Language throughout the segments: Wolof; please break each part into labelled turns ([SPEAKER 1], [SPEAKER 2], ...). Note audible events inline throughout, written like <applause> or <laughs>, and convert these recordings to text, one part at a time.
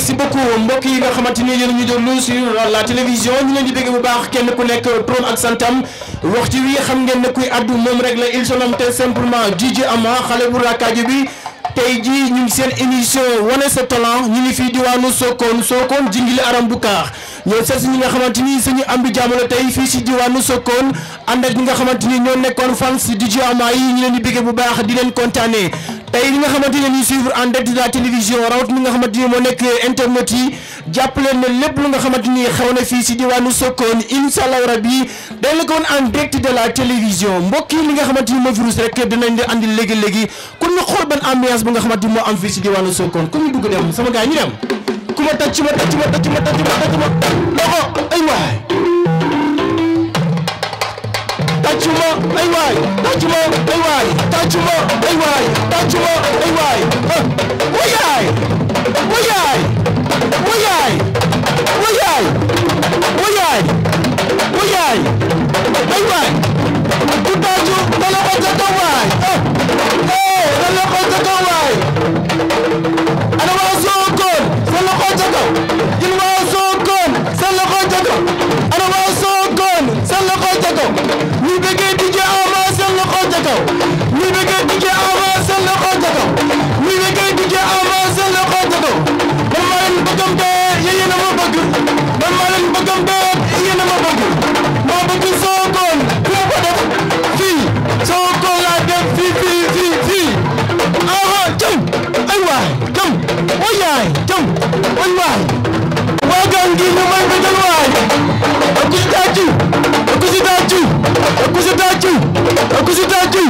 [SPEAKER 1] si beaucoup mbokk yi nga xamante ni yéen ñu déglu sur la télévision ñu leen di bëgg bu baax kenn ku nekk turam ak santam waxtu wi xam ngeen ne kuy addu moom rek la il se nomme tout simplement Dj Ama xale bu rakkaajo bi. tey jii ñu ngi seen émission wane sa talent ñu ngi fii diwaanu Sokone Sokone jingili aram bu kaax ñoo seet si ñi nga xamante ni suñu am bi jàmm la fii si diwaanu Sokone ànd ak ñi nga xamante ni ñoo nekkoon fans di jiwama yi ñu leen di bëggee bu baax di leen kontaanee tey li nga xamante ne ñuy suivre en direct de la télévision rawat mi nga xamante ni moo nekk internet yi jàpp leen ne lépp lu nga xamante ni xew na fii si diwaanu Sokone incha allah rabi dañ la ko woon en direct de la télévision mbokk yi li nga xamante ni moo virus rek dinañ di andi léegi léegi ambiance bi nga xamante ni moo am fii si diwaanu Sokone ku ñu dugg dem sama gars ñu dem
[SPEAKER 2] ku ma tàcc ma tàcc ma tàcc ma tàcc loxo ay waay tàcc ma ay waay tàcc ma ay waay tàcc ma ay waay ku ah, tàcc dana ko jot a sa loxo ca kaw waay ana waa Sokone sa loxo ca kaw yéen waa Sokone sa loxo ca kaw ana waa Sokone sa loxo ca kaw ñu bëggee di ci Ama sa loxo ca kaw ñu bëggee di ci Ama sa loxo ca kaw ñu bëggee di ci Ama bañ waay waa gaañ gi ñu may bañ waay ku si tàccu ku si tàccu ku si tàccu ku si tàccu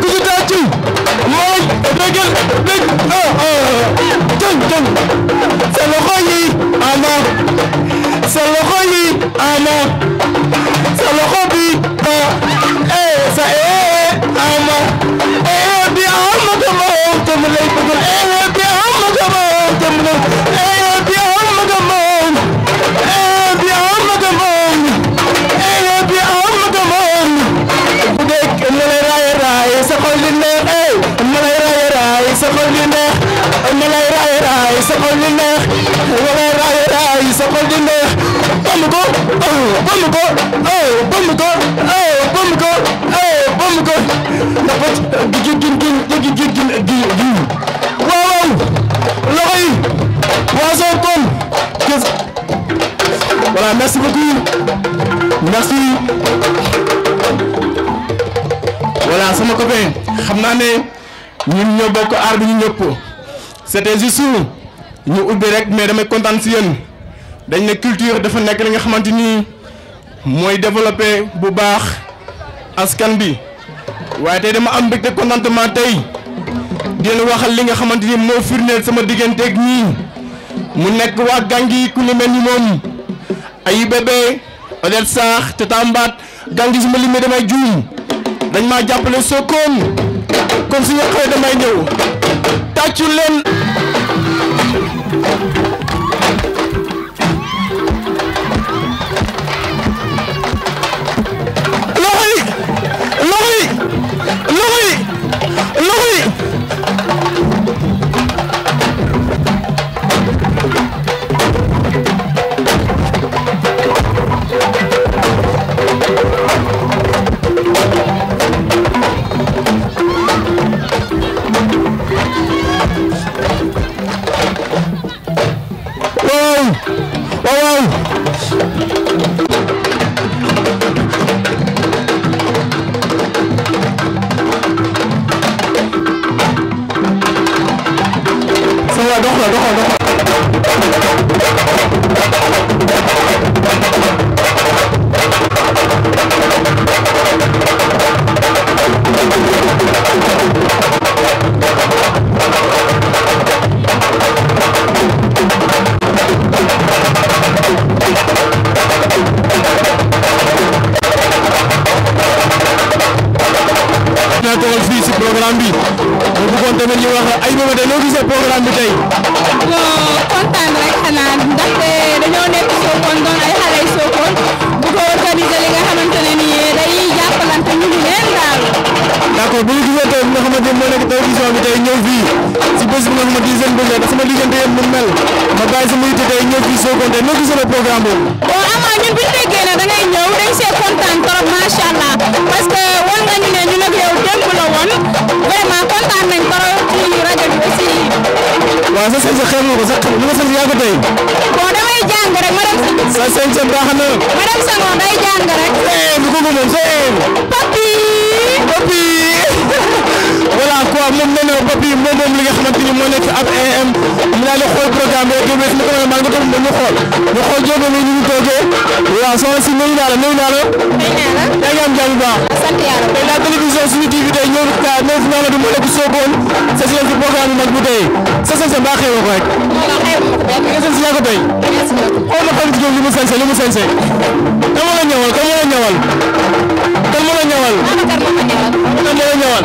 [SPEAKER 2] ku si tàccu mooy déggal dégg ah ah jën jën sa loxo yi ana sa loxo yi ana attention kon voilà merci beaucoup
[SPEAKER 1] merci sama copain xam naa ne ñun ñoo bokk aar bi ñu ñëpp c'était juste ñu ubbi rek mais damay kontaan si yéen dañ ne culture dafa nekk li nga xamante ni mooy développé bu baax askan bi waaye tey dama am mbégte contentement tey di waxal li nga xamante ni moo firndeel sama digganteeg ñii. mu nekk waa gangi ku ñu mel ni moom ayu odet saax te tambaat gangi su ma limee damay juum dañ maa jàppale sookoon kon su ñaqee damay ñëw tàccu leen
[SPEAKER 2] loxo yi
[SPEAKER 1] bés bu nga xamante ni seen bés la sama diggante yéen mu mel ma bàyyi sama yitte tey ñëw fii Sokone noo gisee le programme boobu. waaw Ama
[SPEAKER 2] ñun bu ñu déggee ne da ngay ñëw dañ see kontaan trop macha allah parce que wan nga ñu ne ñu nag yow démb la woon vraiment kontaan nañ trop ci rajo bi
[SPEAKER 1] aussi. waaw sa sañ sa xeex nga ko sax li nga sañ yaa ko tey. bon damay jàng rek ma dem. sa sañ sa baax na. ma dem sa ngoon day jàng rek.
[SPEAKER 2] eh lu ko moom sa eh. papi. papi. waaw moom nee na bopp yi moom moom li nga xamante ni moo nekk ab AM ñu daal di xool programme bi ak yooyu yëpp maa ngi toog ñu xool ñu xool jóge bi ni ñu toogee waaw soxna si nuyu naa la nuyu naa la.
[SPEAKER 1] yaa ngi am jàmm bu baax. sant yàlla tey la télévision suñu TV tey ñëw ka ñëw fi maanaam du mu nekk Sokone sa si yéen si programme bi nag bu tey sa sa sa mbaa xew ko rek. nga seen si yaa ko tey. xool na fan si li mu sensé li mu sensé. kan moo la ñëwal kan moo la
[SPEAKER 2] ñëwal. kan moo la ñëwal. kan moo la ñëwal.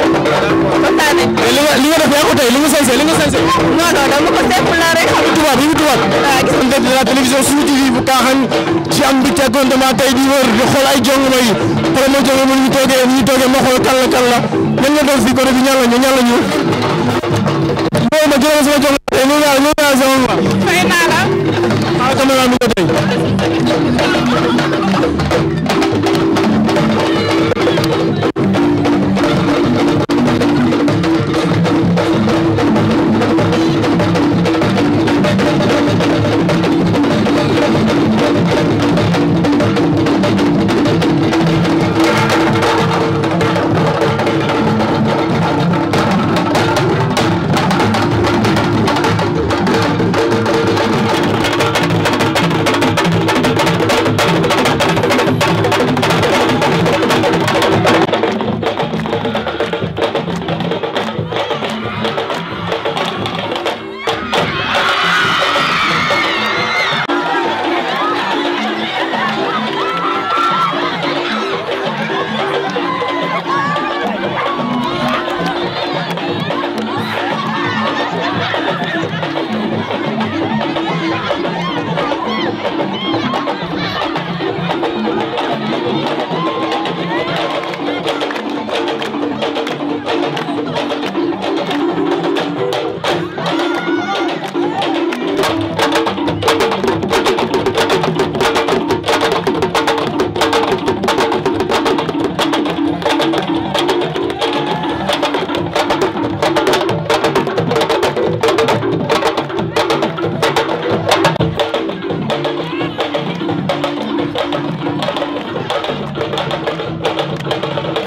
[SPEAKER 1] kontaan nañ. Eh, mais li nga a nga def yaa ko tey li nga sañse li nga sañse. non non dama ko simple la xam tubaab yi tubaab. waaw ah, gis nañ la télévision suñu TV bu Kaaxaan ci am mbégte ak contentement di wër di xool ay jongoma yi problème mu jongoma ñu toogee ñu toogee ma xool kan la kan la ñan nga doon fii côté bi ñan la ñu ñan la ñu.
[SPEAKER 2] boobu ma jëloon sama jongoma tey ñu ngi laa ñu ngi laa sama mbaa. fay naa la. nga tey. Thank you.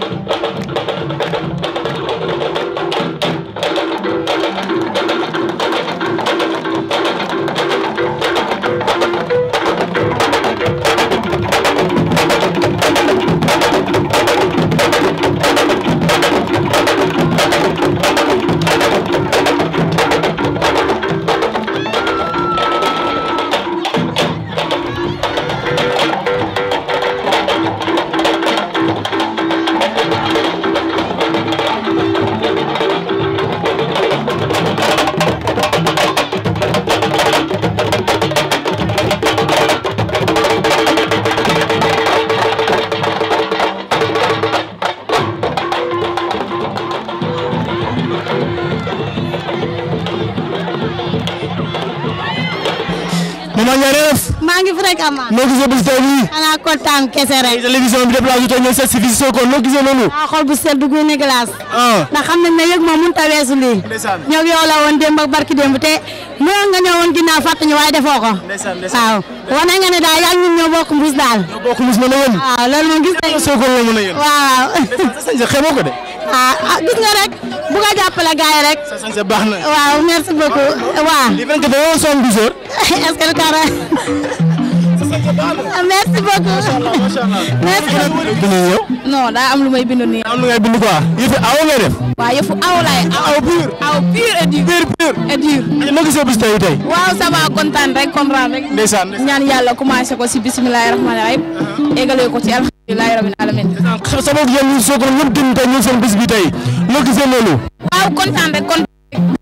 [SPEAKER 2] rek ama noo gisee bés tey bii xanaa kontaan
[SPEAKER 1] kese rek bi déplacé tey ñëw seet si fii si Sokone noo
[SPEAKER 2] gisee loolu waaw xol bu sedd gu ne glace ah. ndax xam nañ ne yëg moom mënut a weesu lii ñoog woon démb ak barki démb te mën nga ñëwoon ginnaaw fàtte ñu waaye defoo ko waaw wane nga ne daal yaa ngi
[SPEAKER 1] ñoo bokk mbuus daal ñoo a <laughs> a ko de ah, ah gis nga rek bu ko jàppale gaay rek
[SPEAKER 2] waaw merci beaucoup waaw li 24 heures 72 <laughs> <laughs> merci beaucoup. macha allah macha allah. non daa
[SPEAKER 1] am lu may bind nii. am lu ngay bind quoi. yëfu aw ngay def. waaw yëfu aw laay. aw pur aw pur et dur. pur pur et dur. noo gisee bis tey tey. waaw ça va kontaan rek kontaan rek. ndeysaan ñaan yàlla commencé ko si bisimilah rahmaani rahim. égalee uh-huh. ko ci alhamdulilah rabbil alamin. sama yéen ñi soo ko ñëpp dund tey ñu seen bis bi tey noo gisee loolu. waaw kontaan rek kontaan.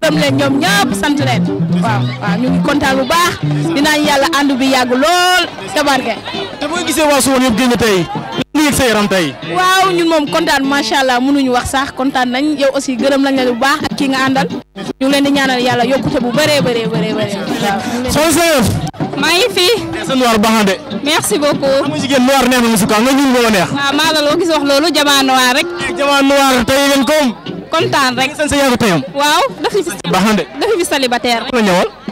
[SPEAKER 1] gërëm leen ñoom ñëpp sant leen waaw waaw ñu ngi kontaan bu baax dinaañ yàlla ànd bi yàgg lool te barke. te boo gisee waa Suwon yëpp génn tey ñu yëg sa yaram tey. waaw ñun moom kontaan macha allah ñu wax sax kontaan nañ yow aussi gërëm lañ la bu baax ak kii nga àndal ñu ngi leen di ñaanal yàlla yokkute bu bëree bëree bëree bëree. maa ngi fi. sa noir baax de. merci beaucoup. amu jigéen noir neex na musuka nga ñuul boo neex. waaw maa la loo gis wax loolu jamaa noir rek. jamaa noir tey ngeen koom. kontaan rek. sa waaw dafa fi célibataire rek.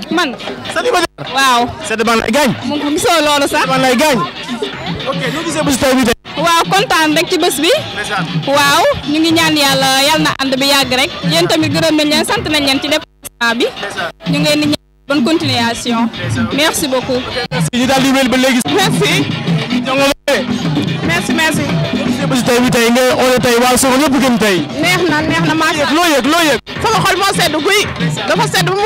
[SPEAKER 1] man. célibataire. waaw. sedd baa lay gaañ. mu gisoo loolu sax. baa lay gaañ.
[SPEAKER 2] ok ñoo gisee bés tey bi tey.
[SPEAKER 1] waaw kontaan rek ci bés bi. waaw ñu ngi ñaan yàlla yal na ànd bi yàgg rek. yéen tamit gërëm nañ leen sant nañ leen ci département bi. ñu ngi leen di ñaan bonne continuation. merci beaucoup. merci. merci merci. bés tey bi tey nga oole tey waaw soxna ñëpp gën tey.
[SPEAKER 2] neex na neex na maa loo yëg
[SPEAKER 1] loo yëg. sama xol moo sedd guy. dafa sedd bu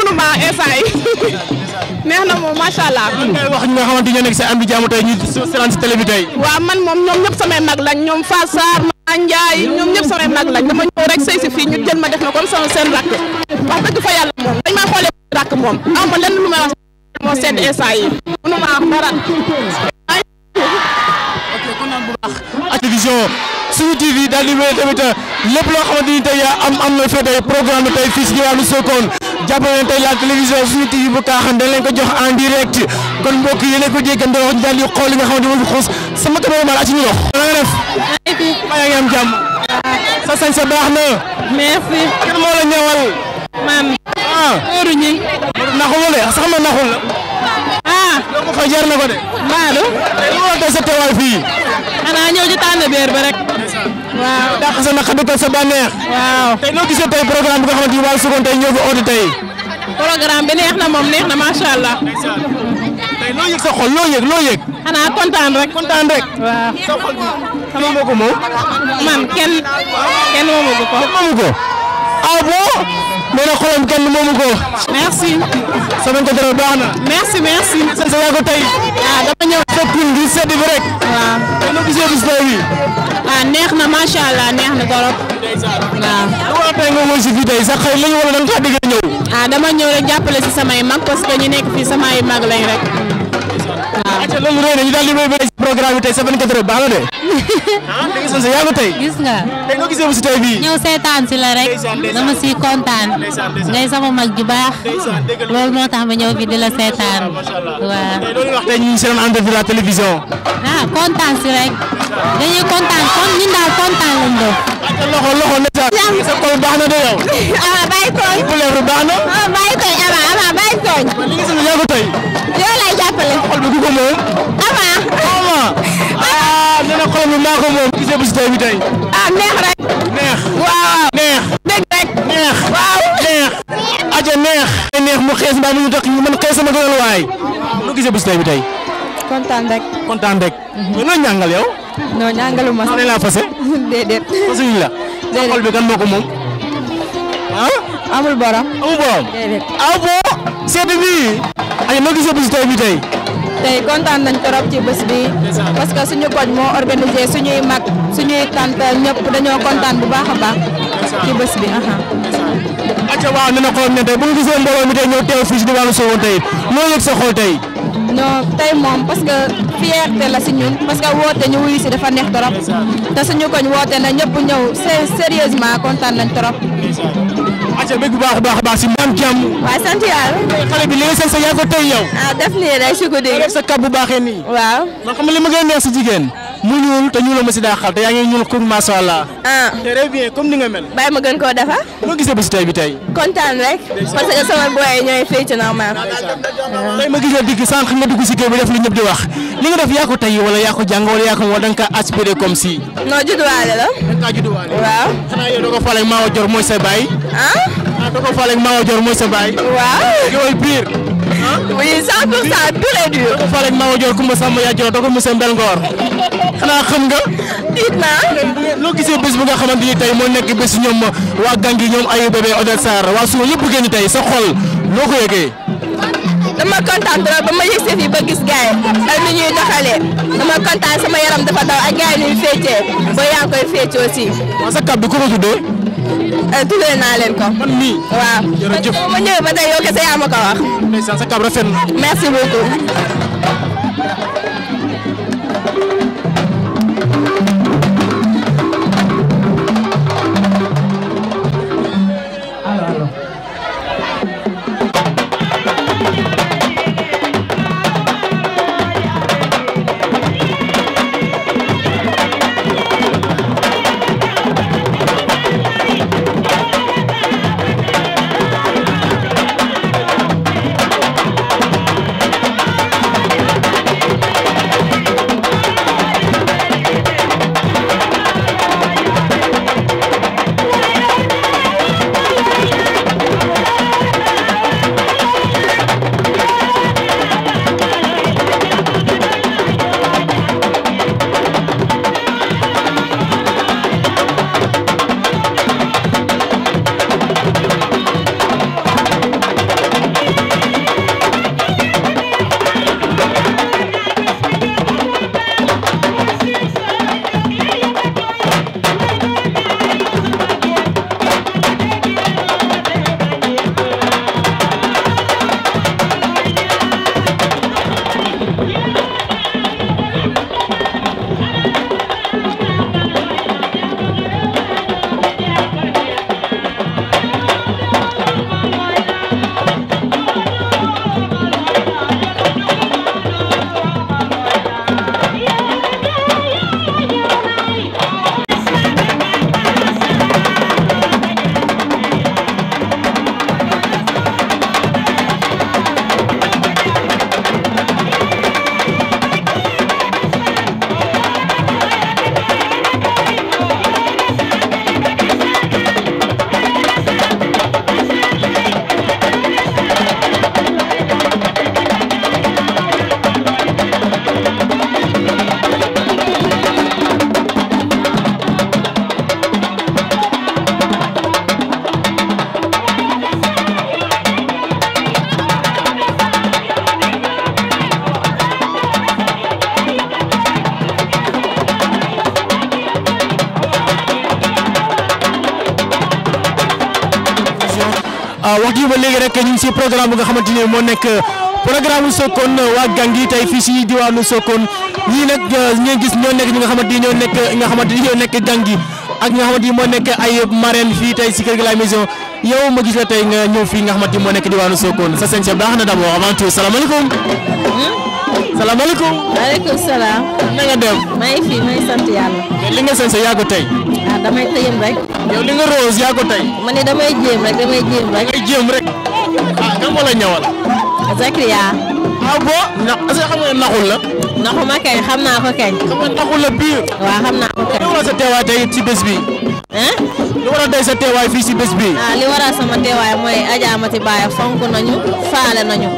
[SPEAKER 1] na moom macha allah. ngay wax ñi nga xamante ñoo nekk sa am di jaamu tey ñu seetaan si télé bi tey. waaw man moom ñoom ñëpp samay ma def na comme sama seen rakk. wax dëgg ma lenn lu may wax moo sedd instant yi noonu bu baax ak télévision suñu TV daal di wéy tamit lépp loo xamante ni tey am am na fa tey programme tey fii si diwaanu Sokone jàpp nañu tey la télévision suñu TV bu Kaaxaan dañ leen ko jox en direct kon mbokk yi yéen a ko jéggandoo wax ñu daal di xool li nga sama cameraman maa ngi am jàmm. la ñëwal. man.
[SPEAKER 2] ah. Modou sax ma naxul doomu tey lu waral tey sa teewaay fii. xanaa ñëw ci beer ba waaw dàq
[SPEAKER 1] sa naq dëkkal sa waaw noo gisee tey programme bi nga xamante ni waa Sokone tey ñëw fi oote tey. programme bi na moom neex na macha tey loo yëg sa xol loo yëg loo rek. waaw man kenn kenn moomu ko. kenn moomu ah nee na xolam kenn moomu ko. merci. sama ko dara baax na. merci merci. sëñ bi yaa ko tey. ah dama ñëw. fekkul di sedd bi rek. waaw. Ah, neex na macha allah neex na torop. waaw. lu war a nga woon fii tey sax xëy la ñu wala da nga kaa digg ñëw. ah dama ñëw rek jàppale si samay mag parce que ñu nekk fii samay mag lañ rek. waaw. programme bi tey 24 heures baax na de. ah dégg nga yaa ngi tey. gis nga tey nga gisee mu si tey bii. ñëw seetaan si la rek. dama si kontaan. ngay sama mag ju baax. loolu moo tax ma ñëw fi di la seetaan. waaw. loolu wax tey ñu ngi seen antenne de la télévision. ah kontaan si rek. dañuy kontaan kon ñun daal kontaan lañ doon. ak loxo loxo ndeysaan. sa kol baax na de yow. <laughs> ah bàyyi tooñ. bu leer baax na. ah bàyyi tooñ ama ama bàyyi tooñ. li nga sëñ yaa ko tey. yow lay jàppale. xol bi ku ko moom. ama ama. ah nee na xol bi maa ko moom gisee bu si tey bi tey. ah neex rek. neex. waaw neex. dégg rek. neex. waaw neex. aja neex. neex mu xees mbaa mu ñu tax man xees sama gënal waay. lu gisee bu si tey bi tey. kontaan rek. kontaan rek. mais mhm. noo ñàngal yow. non ñàngaluma. maa ngi laa fase. déedéet. fasuñu la. déedéet xol bi kan moo ko moom. ah. amul borom. amul borom. déedéet. ay ah noo gisee bés tey bi tey. tey kontaan nañ trop ci bés bi. parce que suñu koñ moo organisé suñuy mag suñuy tante ñëpp dañoo kontaan bu baax a baax. ci bés bi. acca waaw nee na xool ne tey bu ñu gisee mbooloo mi tey ñëw teew fii ci diwaanu Sokone tey loo yëg sa xol tey. non tey moom parce que. fierté la si ñun parce que woote ñu wuyu si dafa neex trop te suñu koñ woote na ñëpp ñëw sérieusement kontaan nañ trop. aca bëgg bu baax baax a baax si maam jàmm. waaw sant yàlla. xale bi li nga yaa ko tey yow. ah def nii rek sa kàb bu baaxee nii. waaw. man xam li ma gën a jigéen. mu ñuul te ñuuloo ma si daaxal te yaa ngi ñuul kooku macha allah. ah ni nga mel. bàyyi ma gën koo defar. noo gisee bés tey bi tey. kontaan rek parce que sama booy ñooy fii ci normal. ma gisee digg sànq nga dugg si kër bi def li ñëpp di wax li nga def yaa ko tey wala yaa ko jàng wala yaa ko wala da nga kaa aspiré comme si. non judduwaale la. da nga kaa judduwaale. waaw. doo ko faale maa wa mooy sa baay. ah. ah doo ko faale maa wa mooy sa baay. waaw. oui 100 pour 100 tous les jours. dafa faral maa wajor Kumba Samba yaa jëloon doog a xanaa xam nga. tiit naa. loo gisee bés mu nga xamante ni tey moo nekk bés ñoom waa Gangi ñoom ay bébé Odette Sarr waa suma yëpp génn tey sa xol loo ko yëgee. dama kontaan trop ba ma yëgsee fii ba gis gaay ak nu ñuy doxalee dama kontaan sama yaram dafa daw ak gaay ñuy féetee ba yaa koy féetee aussi. waaw sa kàddu ko ma tuddee. Euh, tuddee naa leen ko. man mii waaw. ma ñëwee ba tey yow kese yaa ma ko wax. merci beaucoup. programme bu nga xamante ni moo nekk programme Sokone waa gang yi tey fii si diwaanu Sokone euh, nga xamante ni ñoo nekk nga xamante ni ni moo nekk ay marraines fii tey si Kër Galaye Maison yow ma gis la tey nga ñëw ni moo nekk diwaanu Sokone sa seen chef baax na d'abord avant tout salaamaaleykum. Hmm? salaamaaleykum. maaleykum salaam. na nga dem.
[SPEAKER 2] maa ngi fi maa ngi sant yàlla.
[SPEAKER 1] mais li nga sensé yaa ko tey. ah damay tëyam rek. yow li nga rose yaa ne damay jéem rek. damay jéem rek. ah nga mën a ñëwal. Zakria. ah a ndax est-ce que xam nga naxul la. naxuma kay xam naa ko kay. xam nga naxul la biir. waaw li waral sa bi. li waral tey sa teewaay fii ci bés bi. ah li waral sama teewaay mooy Adja Mati fonk nañu faale nañu.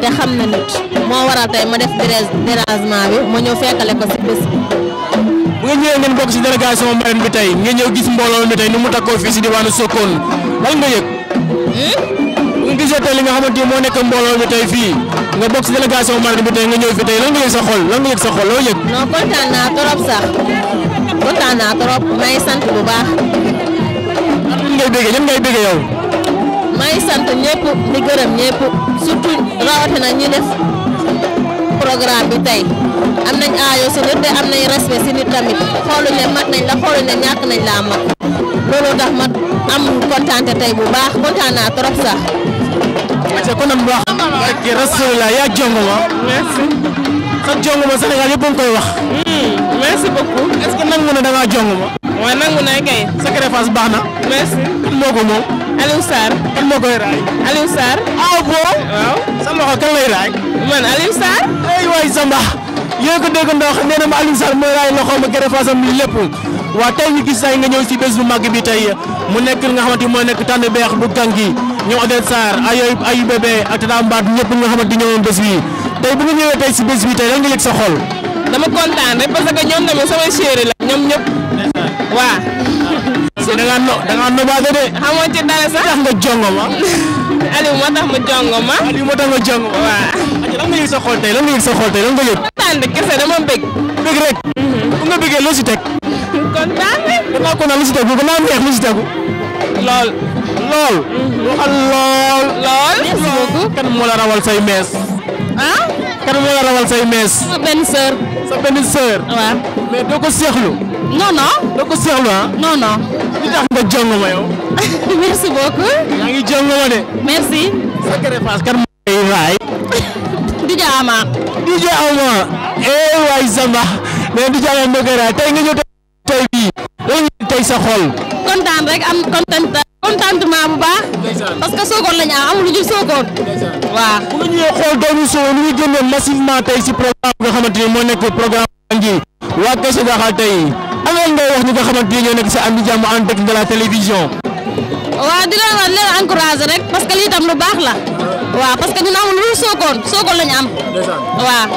[SPEAKER 1] te xam na nit. moo waral tey ma def dérangement bi ma ñëw fekkale ko ci bés bi. bu nga ñëwee ngeen bokk ci délégation marraine bi tey nga ñëw gis mbooloo mi tey nu mu takkoo fii ci diwaanu Sokone lan nga yëg. Hmm? bu gisee tey li nga xamante ni moo nekk mbooloo mi tey fii nga bokk si délégation mardi bi tey nga ñëw fi tey lan nga yëg sa xol lan nga yëg sa xol loo yëg.
[SPEAKER 2] non kontaan naa trop sax
[SPEAKER 1] kontaan naa trop may sant bu baax.
[SPEAKER 2] ak ñun ngay béggee ñun ngay béggee yow.
[SPEAKER 1] may sant ñëpp di gërëm ñëpp surtout rawatina ñu def programme bi tey am nañ aayo si nit te am nañ respect si nit tamit xooluñ ne mat nañ la xooluñ ne ñàkk nañ laa mat looloo tax mat. am kontaante tey bu baax kontaan naa trop sax. te kon nag wax. ak rasulullah yaa merci. sa jongoma Sénégal a koy wax. Hmm, merci beaucoup. est-ce que nangu na da ngaa jongoma. waaw nangu na kay. sa crevage baax na. merci. kan moom. Aliou Sarr. kan raay. Aliou Sarr. ah bon. waaw sa loxo kan lay raay. man Aliou Sarr. ay waay Samba. yéen ko dégg ndox nee na ma Aliou mooy raay loxoom ak crevage am lépp. waa tey ñu gis tay nga ñëw si bés bu màgg bi tey mu nekk nga xamante ni mooy nekk tànn beex bu gangi ñoom Odette Sarr ay ay bébé ak Tata Mbaat ñëpp nga xamante ni ñëwoon bés bii tey bu nga ñëwee tey si bés bi tey lan nga yëg sa xol. sama chéri la ñoom ñëpp. waa. <laughs> da ngaa no da ngaa nobaate de. xamoo ci dara sax. tax nga jongo ma. <laughs> Aliou moo tax ma jongo ma. Aliou moo tax nga jongo ma. waaw. tey lan nga yëg sa xol tey lan nga yëg. kontaan de kese dama bëgg. bëgg rek. bu mhm. nga bëggee loo si teg. kontaan nañ. gannaaw kontaan lu si tegu gannaaw neex lu si tegu. lool. lool. waxal lool. lool. merci la rawal say mees.
[SPEAKER 2] ah. kan la rawal
[SPEAKER 1] say mees. sa benn sœur. sa benn sœur. waaw. mais doo ko seexlu. non non. doo ko seexlu ah. non non. li tax nga jong ma yow. <laughs> merci beaucoup. yaa jong ma de. merci. sa greffage kan moo lay raay. <laughs> DJ Ama. DJ Ama. eh waay Samba mais DJ Ama moo raay tey nga ñëw tey sa xol. kontaan rek am kontaan contentement bu baax. parce que Sokone lañu am amul lu jub Sokone. waaw bu ñu ñëwee xool doomu Sokone lu ñu génnee massivement tey si programme nga xamante ni moo nekk programme Bargny waa Kese Dakhal tey am na ngay wax ñi nga xamante nekk si am jàmm en de la télévision.
[SPEAKER 2] waaw di leen wax leen encouragé rek parce lii tam lu baax la. waa parce que ñun amul lu Sokone Sokone la ñu am. waaw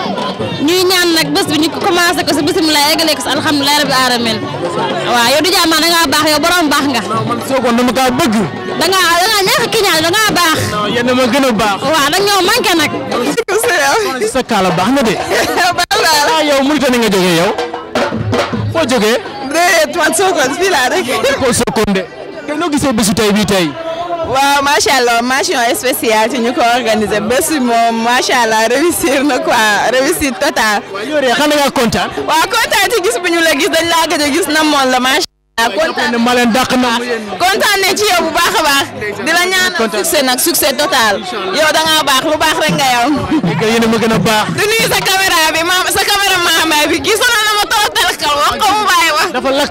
[SPEAKER 2] ñuy
[SPEAKER 1] ñaan nag bés bi ñu commencé ko si bisimilah eggale ko si alhamdulilah rabbil alamin waaw yow du jàmm da ngaa baax yow borom baax nga. non dama kaa bëgg. da ngaa da ngaa ñàkk ki baax. non yéen a ma a baax. waaw da ñoo nag. sa kaala baax na de. baax naa ah, la yow Mauritanie nga jógee yow. foo jógee. déedéet man Sokone fii laa rek. ko Sokone de. tey noo gisee bésu tey bii tey. waaw macha allah mention allah réussir na quoi réussite totale. waaw yow de bu ñu la dañ laa gëj a na moon la macha allah. kontaan ma leen dàq na kontaan ne ci yow bu baax a baax. di nag succès total. yow da ngaa baax lu baax rek nga yow. yéen a ma gën a baax. di nuyu sa caméra bi ma sa caméra maamay bi gis na ma torotal kal wax ko mu bàyyi wax.